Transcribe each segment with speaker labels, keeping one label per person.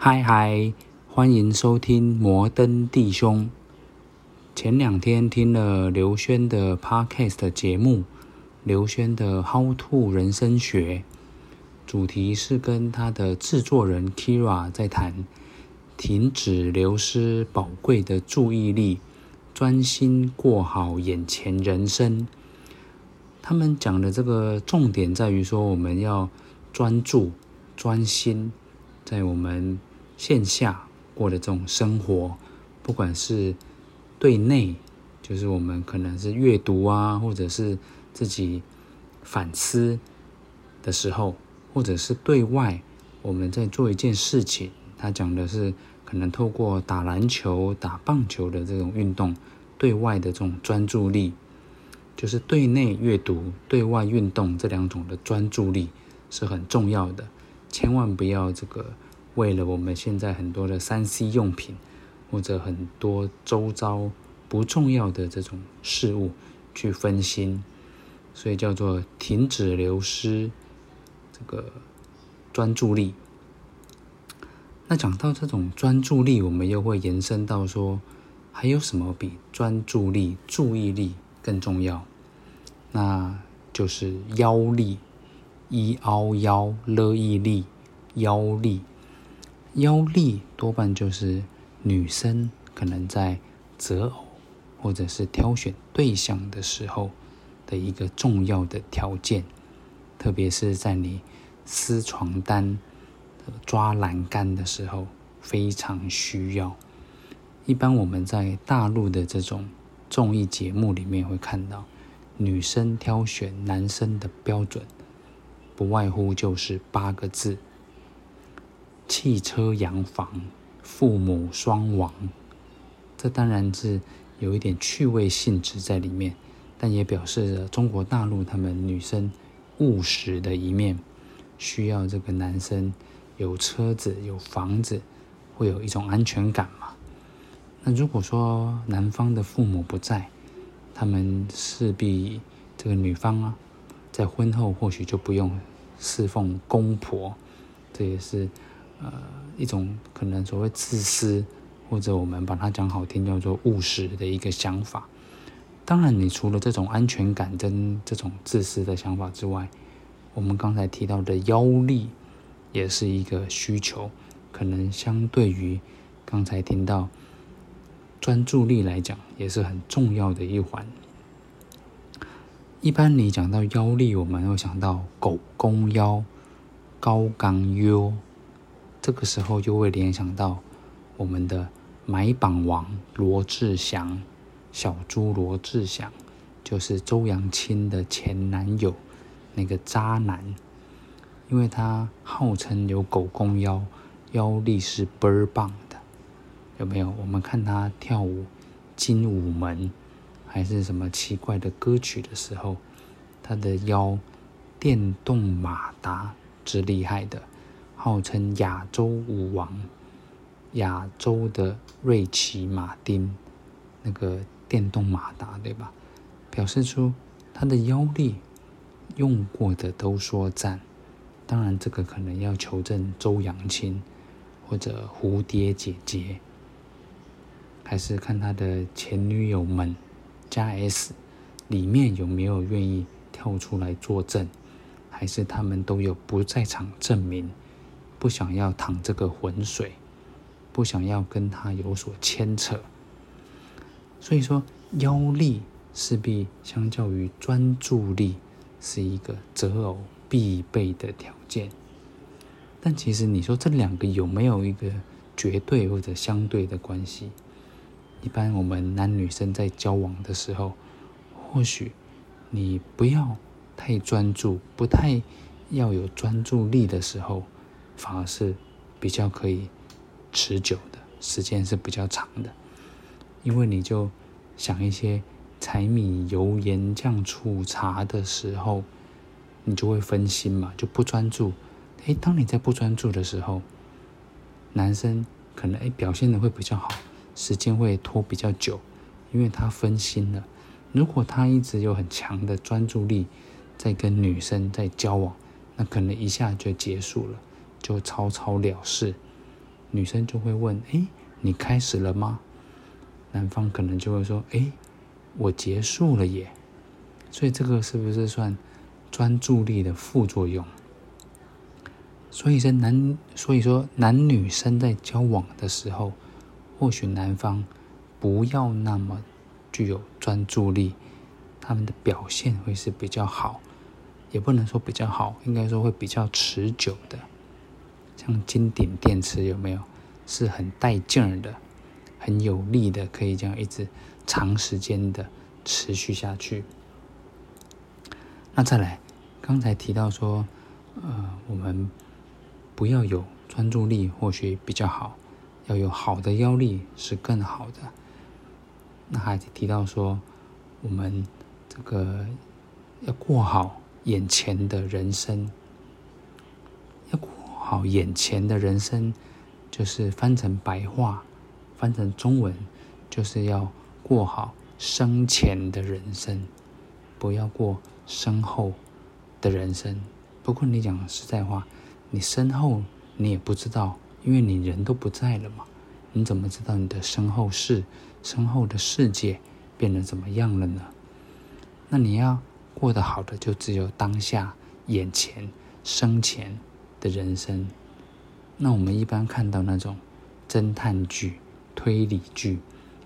Speaker 1: 嗨嗨，歡迎收聽摩登弟兄。前兩天聽了劉軒的 Podcast 節目，劉軒的《How to 人生學》，主題是跟他的制作人 Kira 在談，停止流失寶貴的注意力，專心過好眼前人生。他們講的這個重點在於說，我們要專注、專心，在我們，線下過的這種生活，不管是對內，就是我們可能是閱讀啊，或者是自己反思的時候，或者是對外，我們在做一件事情。他講的是，可能透過打籃球、打棒球的這種運動，對外的這種專注力，就是對內閱讀、對外運動這兩種的專注力是很重要的，千萬不要這個。為了我們現在很多的三 C 用品，或者很多周遭，不重要的這種事物去分心，所以叫做停止流失這個專注力。那講到這種專注力，我們又會延伸到說，還有什麼比專注力、注意力更重要？那就是腰力，y o 腰 l i 力腰力。腰力多半就是女生可能在擇偶或者是挑選對象的時候的一個重要的條件，特別是在你撕床單、抓欄杆的時候非常需要。一般我們在大陸的這種綜藝節目裡面會看到，女生挑選男生的標準，不外乎就是八個字。汽車、洋房，父母雙亡，這當然是有一點趣味性質在裡面，但也表示了中國大陸他們女生務實的一面，需要這個男生有車子、有房子，會有一種安全感嘛。那如果說男方的父母不在，他們勢必這個女方啊，在婚後或許就不用侍奉公婆，這也是。呃，一種可能所謂自私，或者我們把它講好聽叫做務實的一個想法。當然，你除了這種安全感跟這種自私的想法之外，我們剛才提到的腰力也是一個需求，可能相對於剛才聽到專注力來講，也是很重要的一環。一般你講到腰力，我們會想到狗公腰、高槓腰。這個時候就會聯想到我們的買榜王羅志祥，小豬羅志祥，就是周揚青的前男友那個渣男，因為他號稱有狗公腰，腰力是倍兒棒的，有沒有？我們看他跳舞《精舞門》還是什麼奇怪的歌曲的時候，他的腰電動馬達之厲害的。號稱亞洲舞王，亞洲的瑞奇馬丁，那個電動馬達，對吧？表示出他的腰力，用過的都說讚。當然，這個可能要求證周揚青或者蝴蝶姐姐，還是看他的前女友們加 S 裡面有沒有願意跳出來作證，還是他們都有不在場證明。不想要淌這個渾水，不想要跟他有所牽扯。所以說，腰力勢必相較於專注力是一個擇偶必備的條件。但其實你說這兩個有沒有一個絕對或者相對的關係？一般我們男女生在交往的時候，或許你不要太專注，不太要有專注力的時候。反而是比較可以持久的，時間是比較長的，因為你就想一些柴米油鹽醬醋茶的時候，你就會分心嘛，就不專注。哎、欸，當你在不專注的時候，男生可能哎、欸，表現得會比較好，時間會拖比較久，因為他分心了。如果他一直有很強的專注力在跟女生在交往，那可能一下就結束了。就草草了事，女生就會問：“欸，你開始了嗎？”男方可能就會說：“欸，我結束了耶。”所以這個是不是算專注力的副作用？所以男，男所以說男女生在交往的時候，或許男方不要那麼具有專注力，他們的表現會是比較好，也不能說比較好，應該說會比較持久的。像金頂電池有沒有？是很帶勁兒的，很有力的，可以這樣一直長時間的持續下去。那再來，剛才提到說，呃，我們不要有專注力或許比較好，要有好的腰力是更好的。那還提到說，我們這個要過好眼前的人生。好，眼前的人生就是翻成白話，翻成中文，就是要過好生前的人生，不要過身後的人生。不過你講實在話，你身後你也不知道，因為你人都不在了嘛，你怎麼知道你的身後事，身後的世界變得怎麼樣了呢？那你要過得好的，就只有當下、眼前、生前。的人生，那我們一般看到那種偵探劇、推理劇、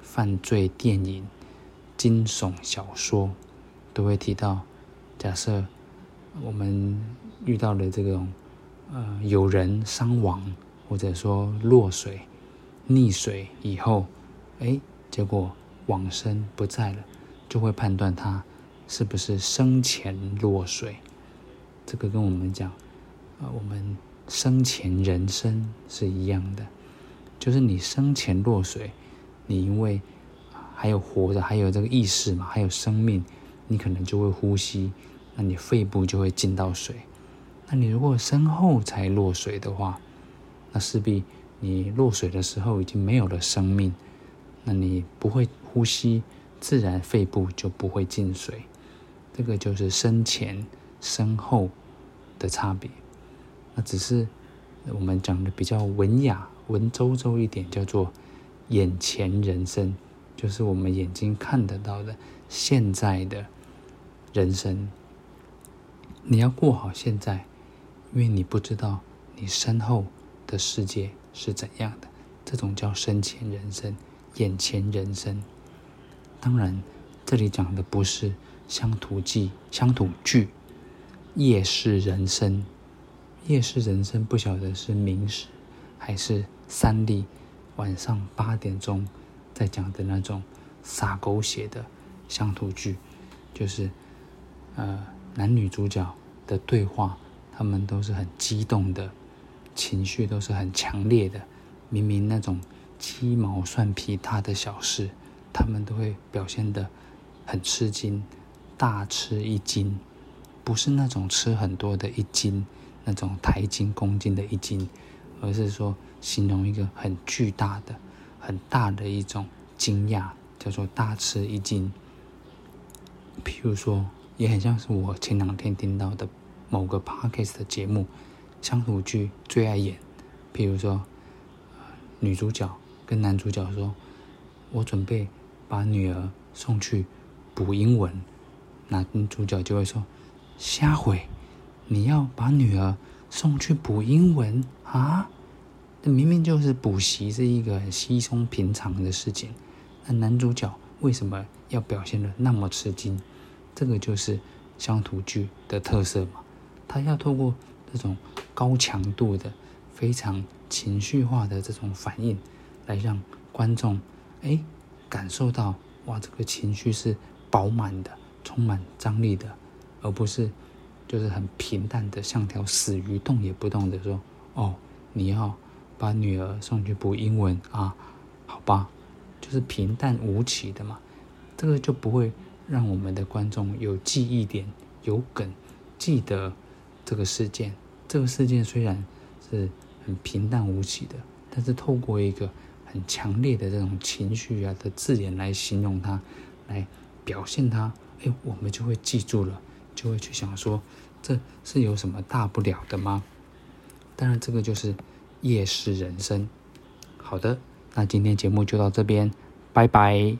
Speaker 1: 犯罪電影、驚悚小說，都會提到，假設我們遇到了這種，呃，有人傷亡，或者說落水、溺水以後，哎，結果往生不在了，就會判斷他是不是生前落水。這個跟我們講我們生前人生是一樣的，就是你生前落水，你因為還有活着，還有這個意識嘛，還有生命，你可能就會呼吸，那你肺部就會進到水。那你如果身後才落水的話，那勢必你落水的時候已經沒有了生命，那你不會呼吸，自然肺部就不會進水。這個就是生前身後的差別。只是我們講的比較文雅，文縐縐一點，叫做“眼前人生”，就是我們眼睛看得到的現在的人生。你要過好現在，因為你不知道你身後的世界是怎樣的。這種叫“生前人生”“眼前人生”。當然，這裡講的不是鄉土記、鄉土劇、夜市人生。夜市人生，不曉得是民視，還是三立晚上八點鐘在講的那種撒狗血的鄉土劇，就是呃男女主角的對話，他們都是很激動的，情緒，都是很強烈的。明明那種雞毛蒜皮他的小事，他們都會表現得很吃驚，大吃一驚，不是那種吃很多的一驚。那種台斤、公斤的一斤，而是說形容一個很巨大的、很大的一種驚訝，叫做大吃一驚。譬如說，也很像是我前兩天聽到的某個 Podcast 的節目，鄉土劇最愛演。譬如說、呃，女主角跟男主角說：“我準備把女兒送去補英文。”男主角就會說：“蝦毀。”你要把女兒送去補英文啊？明明就是補習，是一個稀鬆平常的事情。那男主角為什麼要表現得那麼吃驚？這個就是鄉土劇的特色嘛。他要透過這種高強度的、非常情緒化的這種反應，來讓觀眾誒感受到哇，這個情緒是飽滿的、充滿張力的，而不是。就是很平淡的，像條死魚動也不動的說：“哦，你要把女兒送去補英文啊？好吧，就是平淡無奇的嘛。這個就不會讓我們的觀眾有記憶點、有梗，記得這個事件。這個事件雖然是很平淡無奇的，但是透過一個很強烈的這種情緒啊的字眼來形容它，來表現它，哎，我們就會記住了。”就會去想說，這是有什麼大不了的嗎？當然，這個就是夜市人生。好的，那今天節目就到這邊，拜拜。